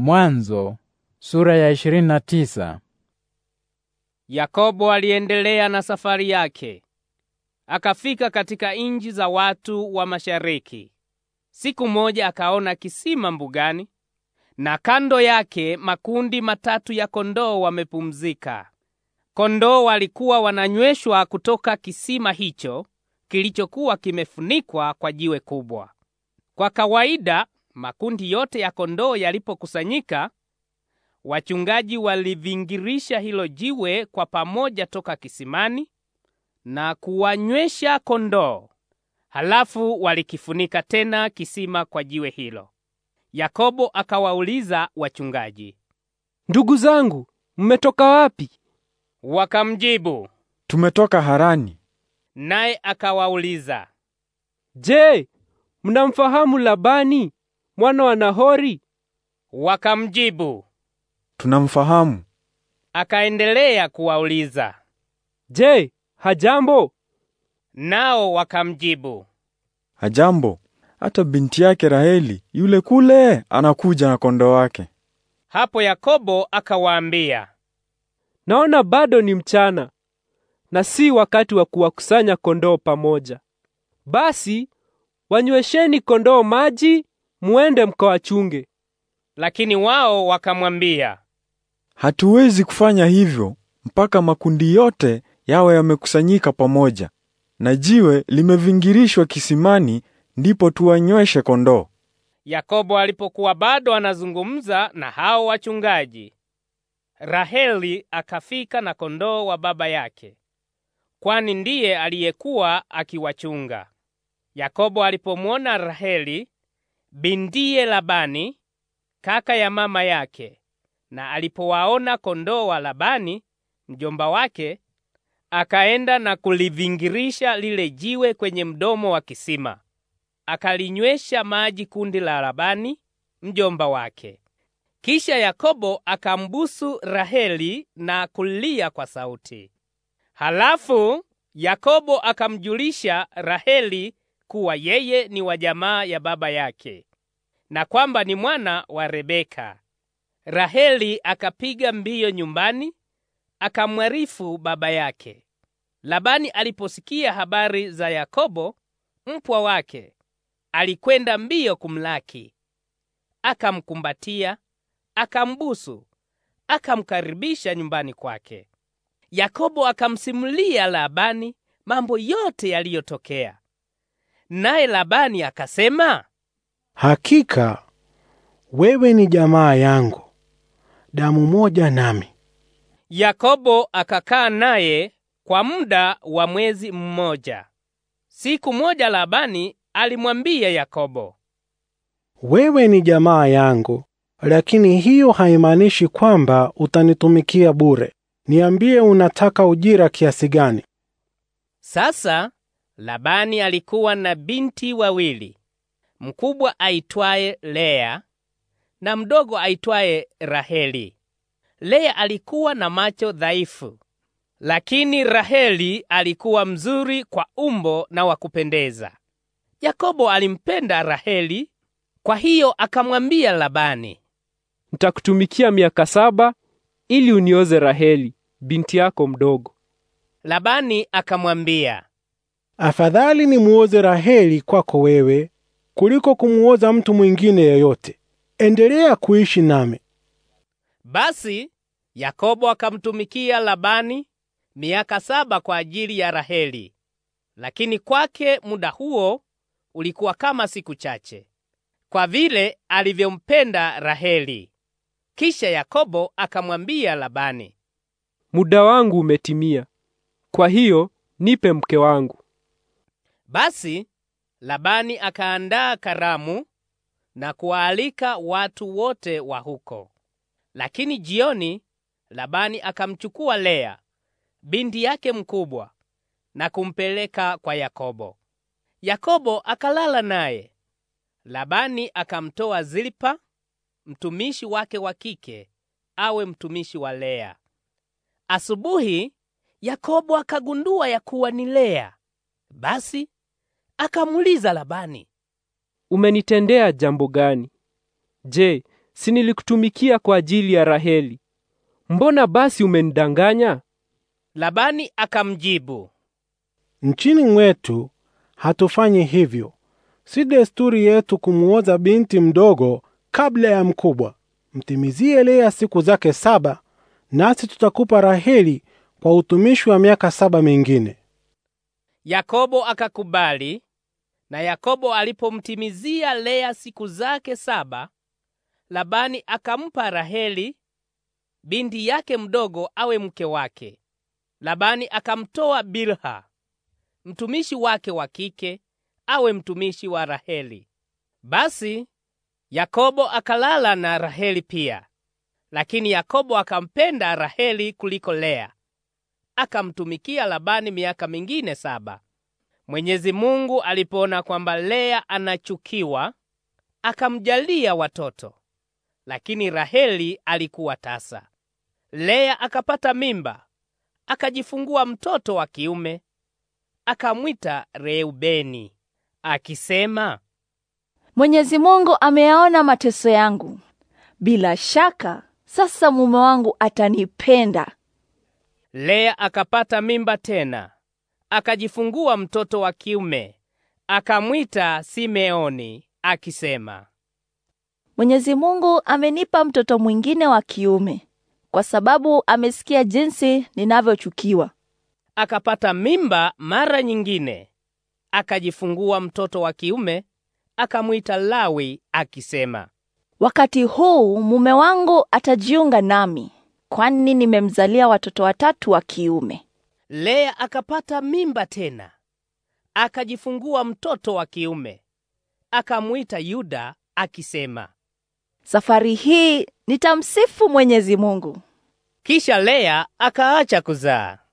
Mwanzo sura ya 29. Yakobo aliendelea na safari yake akafika katika inji za watu wa mashariki. Siku moja akaona kisima mbugani, na kando yake makundi matatu ya kondoo wamepumzika. Kondoo walikuwa wananyweshwa kutoka kisima hicho kilichokuwa kimefunikwa kwa jiwe kubwa. Kwa kawaida Makundi yote ya kondoo yalipokusanyika, wachungaji walivingirisha hilo jiwe kwa pamoja toka kisimani na kuwanywesha kondoo. Halafu walikifunika tena kisima kwa jiwe hilo. Yakobo akawauliza wachungaji, ndugu zangu, mmetoka wapi? Wakamjibu, tumetoka Harani. Naye akawauliza, je, mnamfahamu Labani mwana wa Nahori? Wakamjibu, tunamfahamu. Akaendelea kuwauliza, je, hajambo? Nao wakamjibu, hajambo. Hata binti yake Raheli yule kule anakuja na kondoo wake. Hapo Yakobo akawaambia, naona bado ni mchana na si wakati wa kuwakusanya kondoo pamoja. Basi wanywesheni kondoo maji muende mkawachunge. Lakini wao wakamwambia, hatuwezi kufanya hivyo mpaka makundi yote yawe yamekusanyika pamoja, na jiwe limevingirishwa kisimani, ndipo tuwanyweshe kondoo. Yakobo alipokuwa bado anazungumza na hao wachungaji, Raheli akafika na kondoo wa baba yake, kwani ndiye aliyekuwa akiwachunga. Yakobo alipomwona Raheli bindiye Labani, kaka ya mama yake, na alipowaona kondoo wa Labani mjomba wake, akaenda na kulivingirisha lile jiwe kwenye mdomo wa kisima, akalinywesha maji kundi la Labani mjomba wake. Kisha Yakobo akambusu Raheli na kulia kwa sauti. Halafu Yakobo akamjulisha Raheli kuwa yeye ni wa jamaa ya baba yake na kwamba ni mwana wa Rebeka. Raheli akapiga mbio nyumbani akamwarifu baba yake. Labani aliposikia habari za Yakobo mpwa wake, alikwenda mbio kumlaki, akamkumbatia, akambusu, akamkaribisha nyumbani kwake. Yakobo akamsimulia Labani mambo yote yaliyotokea, naye Labani akasema, Hakika wewe ni jamaa yangu, damu moja nami. Yakobo akakaa naye kwa muda wa mwezi mmoja. Siku moja Labani alimwambia Yakobo, wewe ni jamaa yangu, lakini hiyo haimaanishi kwamba utanitumikia bure. Niambie, unataka ujira kiasi gani? Sasa Labani alikuwa na binti wawili mkubwa aitwaye Lea na mdogo aitwaye Raheli. Lea alikuwa na macho dhaifu, lakini Raheli alikuwa mzuri kwa umbo na wa kupendeza. Yakobo alimpenda Raheli, kwa hiyo akamwambia Labani, nitakutumikia miaka saba ili unioze Raheli binti yako mdogo. Labani akamwambia, afadhali nimuoze Raheli kwako wewe kuliko kumuoza mtu mwingine yeyote. Endelea kuishi nami. Basi Yakobo akamtumikia Labani miaka saba kwa ajili ya Raheli, lakini kwake muda huo ulikuwa kama siku chache, kwa vile alivyompenda Raheli. Kisha Yakobo akamwambia Labani, muda wangu umetimia, kwa hiyo nipe mke wangu. Basi Labani akaandaa karamu na kuwaalika watu wote wa huko. Lakini jioni Labani akamchukua Lea, binti yake mkubwa, na kumpeleka kwa Yakobo. Yakobo akalala naye. Labani akamtoa Zilpa, mtumishi wake wa kike, awe mtumishi wa Lea. Asubuhi Yakobo akagundua ya kuwa ni Lea. Basi akamuliza Labani, umenitendea jambo gani? Je, si nilikutumikia kwa ajili ya Raheli? Mbona basi umenidanganya? Labani akamjibu, nchini mwetu hatufanyi hivyo. Si desturi yetu kumuoza binti mdogo kabla ya mkubwa. Mtimizie Lea siku zake saba, nasi tutakupa Raheli kwa utumishi wa miaka saba mingine. Yakobo akakubali na Yakobo alipomtimizia Lea siku zake saba, Labani akampa Raheli binti yake mdogo awe mke wake. Labani akamtoa Bilha mtumishi wake wa kike awe mtumishi wa Raheli. Basi Yakobo akalala na Raheli pia, lakini Yakobo akampenda Raheli kuliko Lea, akamtumikia Labani miaka mingine saba. Mwenyezi Mungu alipoona kwamba Lea anachukiwa, akamjalia watoto, lakini Raheli alikuwa tasa. Lea akapata mimba, akajifungua mtoto wa kiume, akamwita Reubeni akisema, Mwenyezi Mungu ameyaona mateso yangu, bila shaka sasa mume wangu atanipenda. Lea akapata mimba tena akajifungua mtoto wa kiume, akamwita Simeoni akisema, Mwenyezi Mungu amenipa mtoto mwingine wa kiume kwa sababu amesikia jinsi ninavyochukiwa. Akapata mimba mara nyingine, akajifungua mtoto wa kiume, akamwita Lawi akisema, wakati huu mume wangu atajiunga nami, kwani nimemzalia watoto watatu wa kiume. Lea akapata mimba tena, akajifungua mtoto wa kiume, akamwita Yuda akisema, safari hii nitamsifu Mwenyezi Mungu. Kisha Lea akaacha kuzaa.